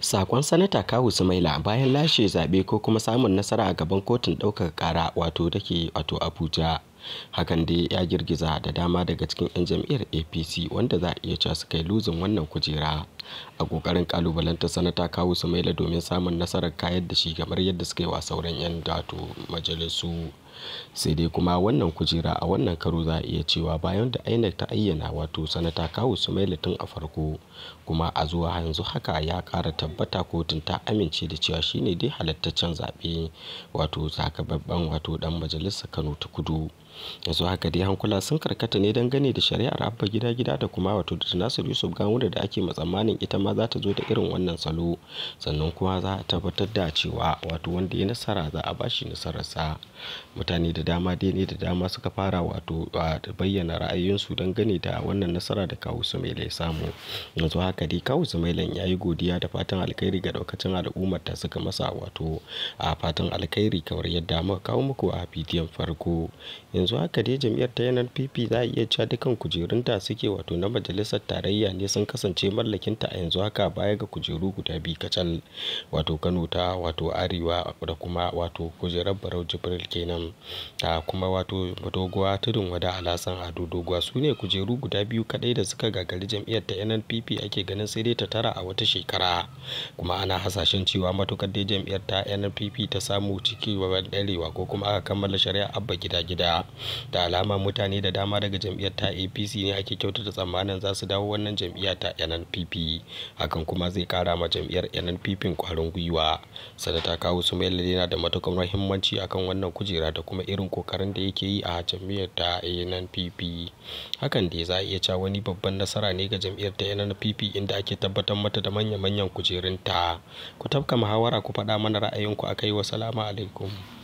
Sakon Sanata Kawu Sumaila bayan lashe zaɓe ko kuma samun nasara a gaban kotun ɗaukar ƙara wato take wato Abuja. Hakan dai ya girgiza da dama daga cikin 'yan jam'iyyar APC wanda za a iya cewa su kai luzin wannan kujera. a kokarin kalubalantar sanata kawu sumaila domin samun nasarar kayan da shi kamar yadda suka yi wa sauran 'yan dato majalisu sai dai kuma wannan kujera a wannan karo za a iya cewa bayan da inec ta ayyana wato sanata kawu sumaila tun a farko kuma a zuwa yanzu haka ya kara tabbata kotun ta amince da cewa shine dai halittaccen zaɓe wato sakababban wato dan majalisa kano ta kudu yanzu haka dai hankula sun karkata ne dangane da shari'ar abba gida gida da kuma wato da nasir yusuf gawuna da ake matsammanin ita ma za ta zo da irin wannan salo sannan kuma za a tabbatar da cewa wato wanda ya nasara za a bashi nasararsa mutane da dama dai ne da dama suka fara wato bayyana ra'ayoyinsu gani da wannan nasara da kawu mai ya samu yanzu haka dai kawu sumailan ya yi godiya da fatan alkhairi ga daukacin al'ummar da suka masa wato a fatan alkhairi kamar yadda muka kawo muku a bidiyon farko yanzu haka dai jam'iyyar ta yanar pp za a iya cewa dukan kujerun da suke wato na majalisar tarayya ne sun kasance mallakinta a yanzu haka baya ga kujeru guda biyu kacal wato Kano ta wato Arewa da kuma wato kujerar Barau Jibril kenan ta ah, kuma wato doguwa tudun wada alasan Ado doguwa su ne kujeru guda biyu kadai da suka gagari jam'iyyar ta NNPP ake ganin sai dai ta tara a wata shekara kuma ana hasashen cewa matukar dai jam'iyyar ta NNPP ta samu ciki wa ɗarewa ko kuma aka kammala shari'a abba gida gida da alama mutane da dama daga jam'iyyar ta APC ne ake kyautata tsammanin za su dawo wannan jam'iyyar ta NNPP hakan kuma zai kara ma jam'iyyar nnpp kwarin gwiwa sanata kawu sumaila yana da matukar muhimmanci akan wannan kujera da kuma irin kokarin da yake yi a jam'iyyar ta nnpp hakan dai za a iya cewa wani babban nasara ne ga jam'iyyar ta nnpp inda ake tabbatar mata da manya-manyan kujerunta ku tafka muhawara ku faɗa mana ra'ayinku akai wa salama alaikum